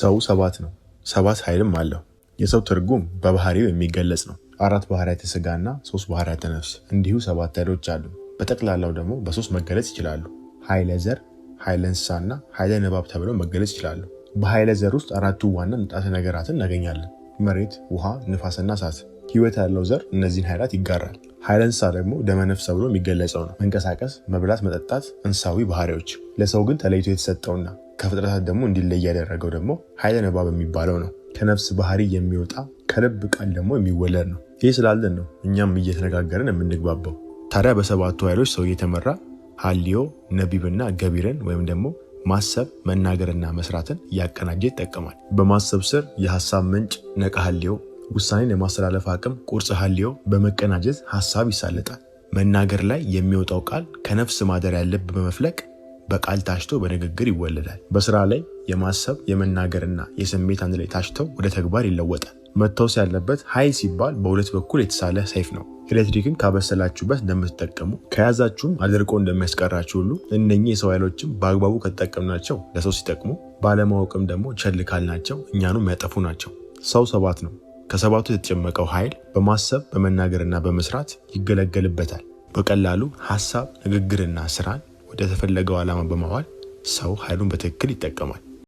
ሰው ሰባት ነው። ሰባት ኃይልም አለው። የሰው ትርጉም በባህሪው የሚገለጽ ነው። አራት ባህሪያተ ስጋና ሶስት ባህሪያተ ነፍስ እንዲሁ ሰባት ኃይሎች አሉ። በጠቅላላው ደግሞ በሶስት መገለጽ ይችላሉ። ኃይለ ዘር፣ ኃይለ እንስሳ እና ኃይለ ንባብ ተብለው መገለጽ ይችላሉ። በኃይለ ዘር ውስጥ አራቱ ዋና ንጣተ ነገራትን እናገኛለን። መሬት፣ ውሃ፣ ንፋስና እሳት። ህይወት ያለው ዘር እነዚህን ኃይላት ይጋራል። ኃይለ እንስሳ ደግሞ ደመነፍስ ተብሎ የሚገለጸው ነው። መንቀሳቀስ፣ መብላት፣ መጠጣት እንስሳዊ ባህሪዎች። ለሰው ግን ተለይቶ የተሰጠውና ከፍጥረታት ደግሞ እንዲለይ ያደረገው ደግሞ ኃይለ ንባብ የሚባለው ነው። ከነፍስ ባህሪ የሚወጣ ከልብ ቃል ደግሞ የሚወለድ ነው። ይህ ስላለን ነው እኛም እየተነጋገርን የምንግባባው። ታዲያ በሰባቱ ኃይሎች ሰው እየተመራ ሀልዮ ነቢብና ገቢርን ወይም ደግሞ ማሰብ መናገርና መስራትን እያቀናጀ ይጠቀማል። በማሰብ ስር የሀሳብ ምንጭ ነቀ ሀልዮ፣ ውሳኔን የማስተላለፍ አቅም ቁርጽ ሀልዮ በመቀናጀት ሀሳብ ይሳለጣል። መናገር ላይ የሚወጣው ቃል ከነፍስ ማደሪያ ልብ በመፍለቅ በቃል ታሽቶ በንግግር ይወለዳል። በስራ ላይ የማሰብ የመናገርና የስሜት አንድ ላይ ታሽተው ወደ ተግባር ይለወጣል። መታወስ ያለበት ኃይል ሲባል በሁለት በኩል የተሳለ ሰይፍ ነው። ኤሌክትሪክን ካበሰላችሁበት እንደምትጠቀሙ ከያዛችሁም አድርቆ እንደሚያስቀራችሁ ሁሉ እነኚህ የሰው ኃይሎችም በአግባቡ ከተጠቀምናቸው ለሰው ሲጠቅሙ፣ ባለማወቅም ደግሞ ቸል ካልናቸው እኛኑ የሚያጠፉ ናቸው። ሰው ሰባት ነው። ከሰባቱ የተጨመቀው ኃይል በማሰብ በመናገርና በመስራት ይገለገልበታል። በቀላሉ ሀሳብ፣ ንግግርና ስራን ወደ ተፈለገው ዓላማ በማዋል ሰው ኃይሉን በትክክል ይጠቀማል።